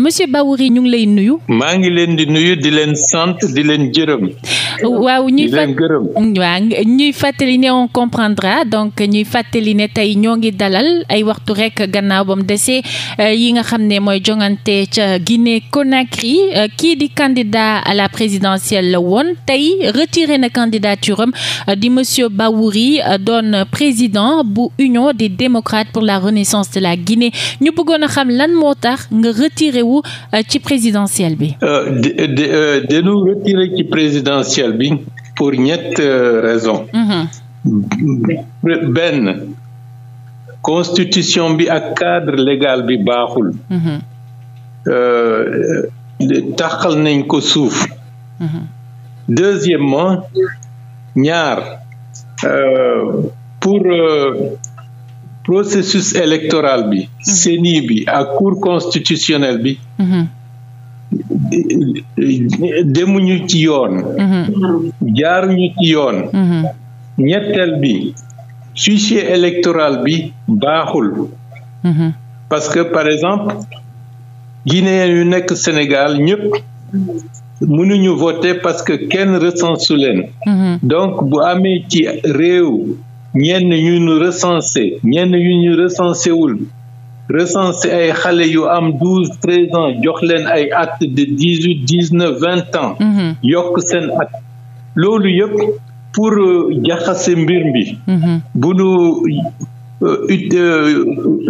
monsieur Bawory ñu ngi lay nuyu. maa ngi leen di nuyu di leen sant di leen jërëm. waaw ñuy fa waaw ñuy fàttali ne on comprendra donc ñuy fàttali ne tey ñoo ngi dalal ay waxtu rek gannaaw bam mu euh, yi nga xam ne mooy jongante ca Guinée Conakry euh, kii di candidat à la présidentielle la woon tey retiré na candidature am euh, di monsieur Bawouri doon président bu Union des démocrates pour la renaissance de la Guinée ñu bëggoon a xam lan moo tax nga retire wu ci présidentielle bi. barkeel bi pour ñett euh, raison mhm. benn constitution bi ak cadre légal bi baaxul mhm. euh, taxal nañ ko suuf mhm. deuxièmement ñaar euh, pour processus électoral bi CENI bi ak cour constitutionnelle bi demuñu ci yoon. Mhm. jaaruñu ci yoon. Mhm. ñetteel bi fichier électoral bi baaxul. Mhm. parce que par exemple guinéen yu nekk Sénégal ñëpp mënuñu voter parce que kenn recense leen. donc bu amee ci réew ñenn ñu ñu recensé ñenn ñu ñu recensé wul. recensé ay xale yu am douze treize ans jox leen ay at de dix huit dix neuf vingt ans. Mm-hmm. yokk seen at loolu yëpp pour euh, jaxase mbir mi. Mm-hmm. bu nu euh, euh,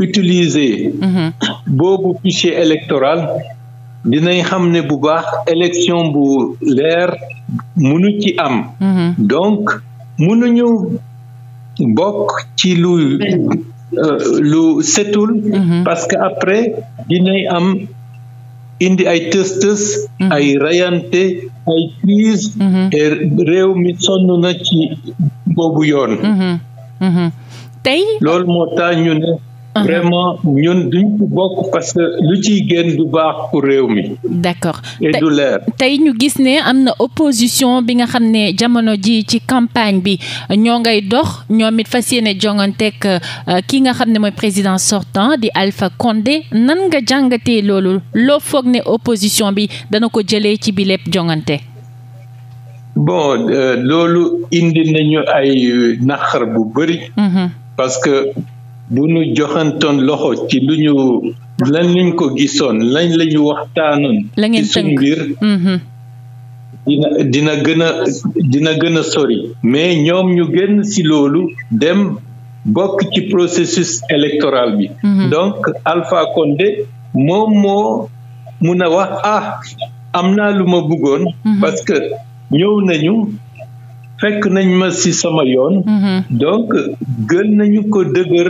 utiliser. Mm-hmm. boobu fichier électoral dinañ xam ne bu baax élection bu leer munu ci am. donc munuñu bokk ci lu. Euh, lu setul. Mhm. parce que après dinay am indi ay tës tës. Mhm. ay rayante ay crise mhm. et réew mi sonn nga ci boobu yoon. tey moo tax ñu Ah. vraiment ñun duñ ko bokk parce que lu ciy génn du baax tey ñu gis ne am na opposition bi nga xam ne jamono ji ci campagne bi ñoo ngay dox ñoom it fas yéene jonganteeg euh, ki nga xam ne mooy président sortant di Alpha Condé nan nga jàngate loolu loo foog ne opposition bi dana ko jëlee ci bi lépp jongante. Euh, loolu indi nañu ay euh, naqar bu bëri. Mm-hmm. parce bu ñu joxantoon loxo ci lu ñu lan lañ ko gisoon lañ la ñu waxtaanoon ci suñ mbir mm-hmm. dina dina gën a dina gën sori mais ñoom ñu génn ci loolu dem bokk ci processus électoral bi mm-hmm. donc Alpha Condé moom moo mun a wax ah am naa lu ma bëggoon mm-hmm. parce que ñëw nañu fekk nañ ma ci sama yoon mhm. donc gën nañu ko dëgër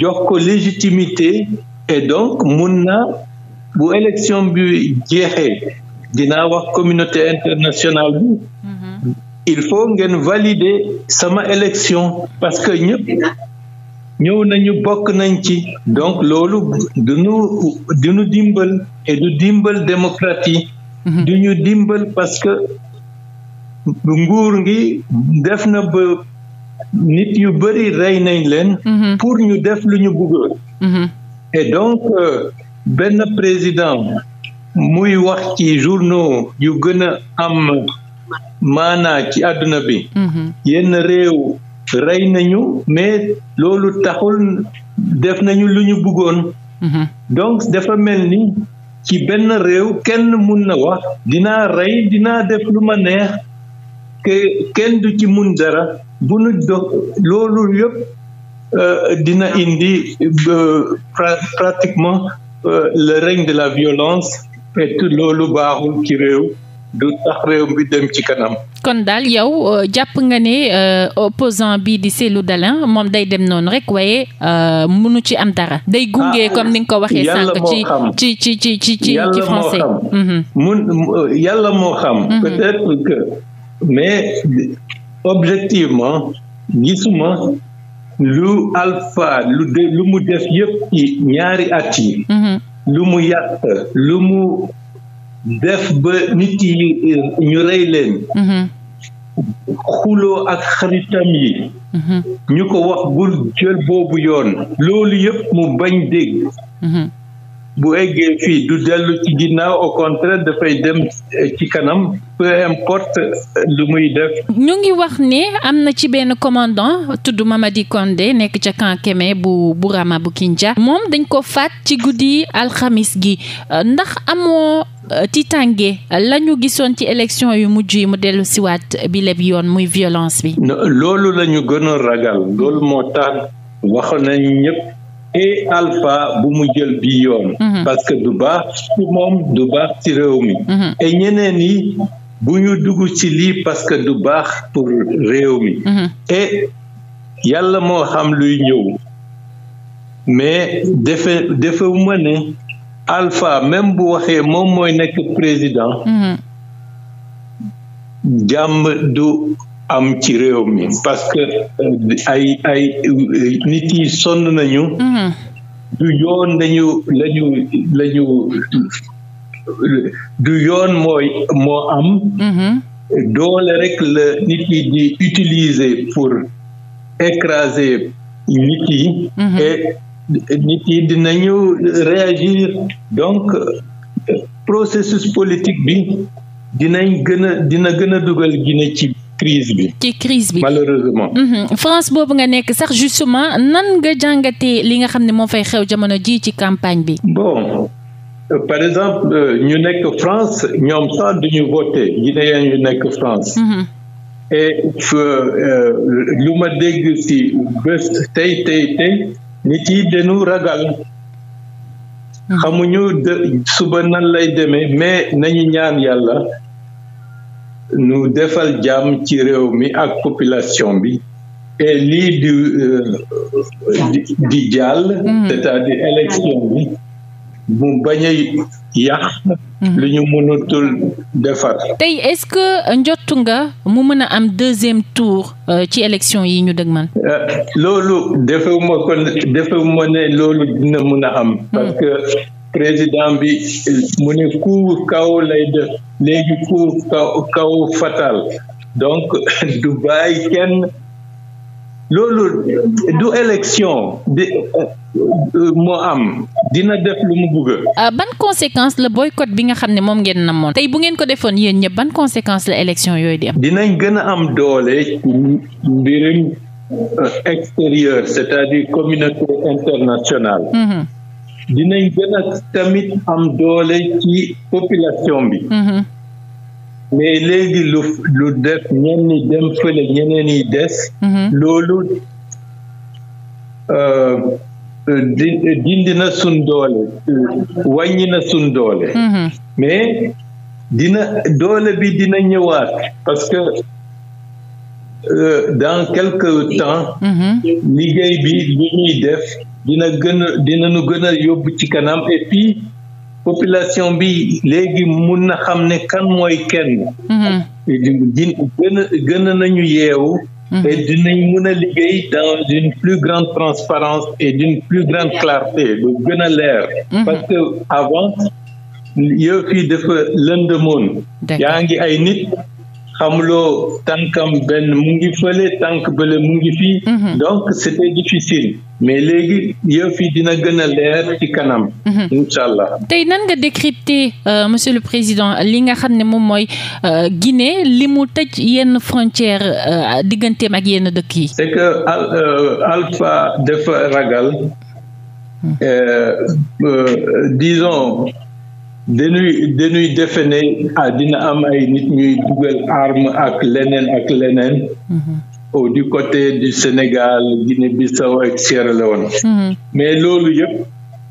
jox ko légitimité et donc mun naa bu élection bi jeexee dinaa wax communauté internationale bu mhm. il faut ngeen valider sama élection parce que ñëpp ñëw nañu bokk nañ ci donc loolu du dimbal et du dimbal démocratie mhm. du dimbal parce que nguur ngi def na ba nit yu bëri rey nañ leen mhm. pour ñu def lu ñu bëgg mhm. et donc euh, benn président muy wax ci journaux yu gën a am maanaa ci àdduna bi mhm. yenn réew rey nañu mais loolu taxul def nañu lu ñu bëggoon donc dafa mel ni ci benn réew kenn mun na wax dinaa rey dinaa def lu ma neex que kenn du ci mun dara bu nu dog loolu yëpp euh, dina indi euh, pratiquement euh, le règne de la violence et loolu baaxul ci réew du tax réew bi dem ci kanam. kon daal yow jàpp nga ne opposant bi di Cellou Dalein moom day dem noonu rek waaye munu ci am dara. day gunge ah, comme ni nga ko waxee sànq. ci ci ci ci ci français. Mhm. yàlla moo xam. Mhm. peut-être que. mais objectivement gisuma lu alpha lu lu mu def yëpp ci ñaari at yi mhm. lu mu yàq lu mu def ba nit yi euh, ñu rey leen mhm. xuloo ak xaritam yi mhm. ñu ko wax bul jël boobu yoon loolu yëpp mu bañ dégg bu eggee fii du dellu ci ginnaaw au contraire dafay dem eh, ci kanam peu importe eh, lu muy def. ñu ngi wax ne am na ci benn commandant tudd Mamadi Condé nekk ca camp Kémé bu Bourama bu Kinja moom dañ ko faat ci guddi alxamis gi eh, ndax amoo tiitange la ñu gisoon ci élection yu mujj yi mu dellu siwaat bi lépp yoon muy violence bi. loolu lañu ñu gën a ragal loolu moo tax wax nañ ñëpp. et Alpha bu mu jël bi yoon. Mhm. parce du baax ci moom du baax ci réew mi. Mhm. et ñeneen yi bu ñu dugg ci lii parce que du baax pour réew mi. Mhm. et yàlla moo xam luy ñëw mais defe defe ma ne Alpha même bu waxee moom mooy nekk président. jàmm du. am ci réew mi parce que euh, ay ay euh, nit yi sonn nañu mm-hmm. du yoon lañu lañu lañu du yoon mooy moo am mm-hmm. doole rek la nit di utiliser pour écraser nit mm-hmm. et nit yi dinañu réagir donc processus politique bi dinañ gën dina gën a dugal Guinée ci crise bi. ci crise bi malheureusement. Mhm. France boobu nga nekk sax justement nan nga jàngate li nga xam ne moo fay xew jamono ji ci campagne bi. bon euh, par exemple euh, ñu nekk France ñoom sax du ñu voté guinéen yu nekk France. Mhm. et euh, lu ma dégg si bés tey tey tey nit yi dañu ragal. Mhm. xamuñu suba nan lay demee mais nañu ñaan yàlla. nu defal jàmm ci réew mi ak population bi et lii di euh, di jàll mm. c'est-à-dire élection bi mu bañ a mm. lu ñu mënatul defar tey est-ce que njottu nga mu mën a am deuxième tour euh, ci élection yi ñu dëgmal euh, loolu defewuma ko defewuma ne loolu dina mën a am mm. parce que président bi mu ne ku kaw lay def léegi pour kaw kaw fatal donc du bàyyi kenn loolu du élection di euh, moo am dina def lu mu bëgg. Euh, ban conséquence la boycott bi nga xam ne moom ngeen namoon tey bu ngeen ko defoon yéen ñëpp ban conséquence la élection yooyu di am. dinañ gën a am doole ci mbirum euh, extérieur c'est-à-dire communauté internationale. Mm-hmm. dinañ gën a tamit am doole ci population bi. Mm-hmm. mais léegi lu lu def ñenn ñi dem fële ñeneen des. Mhm. loolu euh, di dindi na suñ doole wàññi na suñ doole. Mhm. mais dina doole bi dina ñëwaat parce que. Euh, dans quelque temps mhm. liggéey bi li ñuy def dina gën a dina nu gën a yóbbu ci kanam et population bi léegi mun na xam ne kan mooy kenn mhm. gën gën nañu yeewu mhm. et dinañ mun a liggéey dans une plus grande transparence et d'une plus grande clarté lu gën a leer mhm. parce que avant yëf yi dafa lëndëmoon yaa ngi ay nit xamuloo tànkam benn mu ngi fële tànk bële mu ngi fii mhm. donc c'était difficile mais léegi yëf yi dina gën a leer ci kanam mhm. incha allah tey nan nga décrypter euh, monsieur le président li nga xam ne moom mooy euh, Guinée li mu tëj yenn frontière euh, digganteem ak yenn dëkk yi c'est que Alpha dafa ragal mhm. dañuy dañuy defe ne ah dina am ay nit ñuy dugal arme ak leneen ak leneen. Mhm. au du côté du Sénégal Guinée Bissau ak Sierra Leone. Mhm. mais loolu yëpp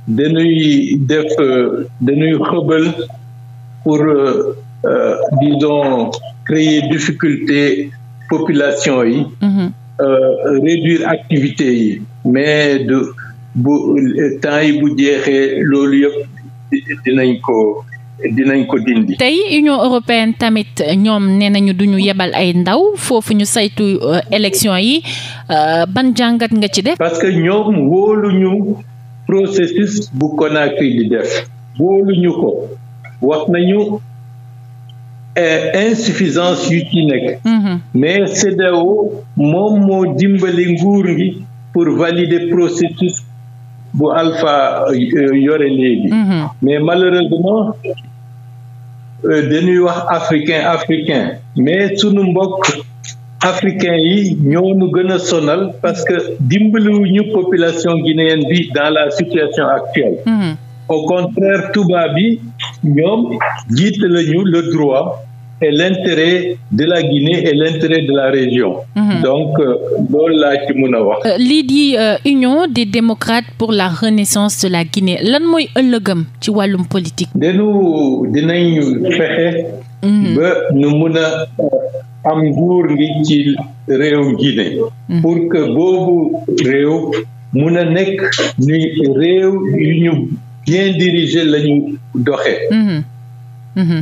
dañuy def euh, dañuy xëbal pour euh, euh, disons créer difficulté population yi. Mhm. Euh, réduire activité yi mais de temps yi bu jeexee loolu yëpp. dinañ ko dinañ ko dindi. tey Union européenne tamit ñoom nee nañu duñu yebal ay ndaw foofu ñu saytu euh, élection yi euh, ban jàngat nga ci def. parce que ñoom wóoluñu processus bu Conakry di def. wóoluñu ko wax nañu euh, insuffisance yu ci nekk. Mm-hmm. mais CEDEAO moom moo dimbali nguur gi pour valider processus bu Alpha euh, yore léegi. Mhm. mais malheureusement euh, dañuy wax africain africain mais sunu mbokk africain yi ñoo nu gën a sonal parce que dimbaliwuñu population guinéenne bi dans la situation actuelle. Mhm. au contraire tubaab bi ñoom jiite lañu le droit. et l'intérêt de la Guinée et l'intérêt de la région. Mhm. Donc euh, loolu laa mun a wax. Euh, lii di euh, Union des démocrates pour la renaissance de la Guinée lan mooy am ci wàllum politique. denu dinañ fexe. Mhm. ba nu mun a am nguur ngi ci réew Guinée. Mhm. pour que boobu réew mun a nekk ni réew yu ñu bien dirigé la ñu Mmh.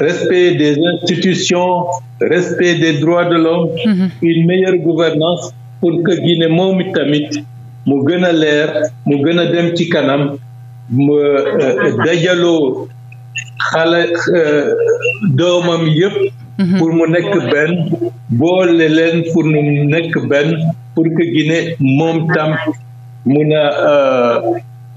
respect des institutions, respect des droits de l'homme, mmh. une meilleure gouvernance pour que Guinée moom i tamit mu gën a leer mu gën a dem ci kanam mu euh, euh, dajaloo xale euh, doomam yëpp. Mhm. pour mu nekk benn boole leen pour mu nekk benn pour que Guinée moom tam mun a.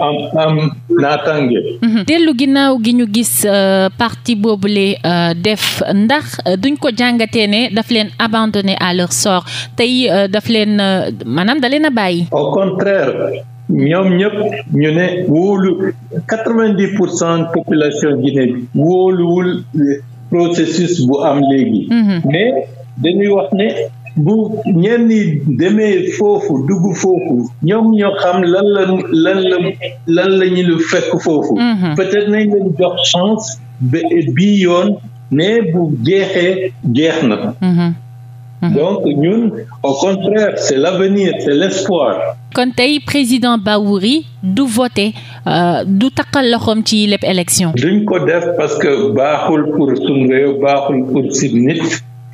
am am naataange. Mhm. dellu ginnaaw gi ñu gis euh, parti boobule euh, def ndax duñ ko jàngatee ne daf leen abandonné à leur sort tey euh, daf leen maanaam da leen a bàyyi. au contraire ñoom ñëpp ñu ne wóolu quatre pour cent population Guinée bi wóoluwul processus bu am léegi. Mhm. mais dañuy wax ne bu ñenn ñi demee foofu dugg foofu ñoom ñoo xam lan la lan la lan la ñu lu fekk foofu. Mhm. peut-être nañ leen jox chance ba yoon mais bu jeexee jeex na. Mhm. Mhm. donc ñun au contraire c'est l'avenir c'est l'espoir. kon tey président Bawouri du voté euh, du takkal loxoom ci lépp élection. duñ ko def parce que baaxul pour suñu réew baaxul pour si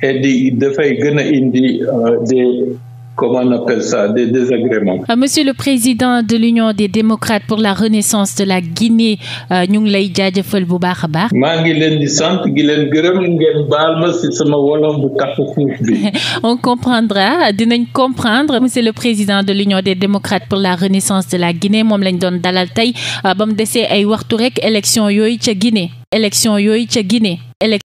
et di dafay gën a indi euh, des comment on appelle ça des désagréments. Euh, monsieur le président de l'Union des démocrates pour la renaissance de la Guinée euh, ñu ngi lay jaajëfal bu baax a baax. maa ngi di sant gi leen gërëm ngeen baal ma ci sama wolof bu on comprendra dinañ comprendre monsieur le président de l'Union des démocrates pour la renaissance de la Guinée mom lañ doon dalal tey ba mu desee ay waxtu rek élection yooyu ca Guinée. élection yooyu Guinée.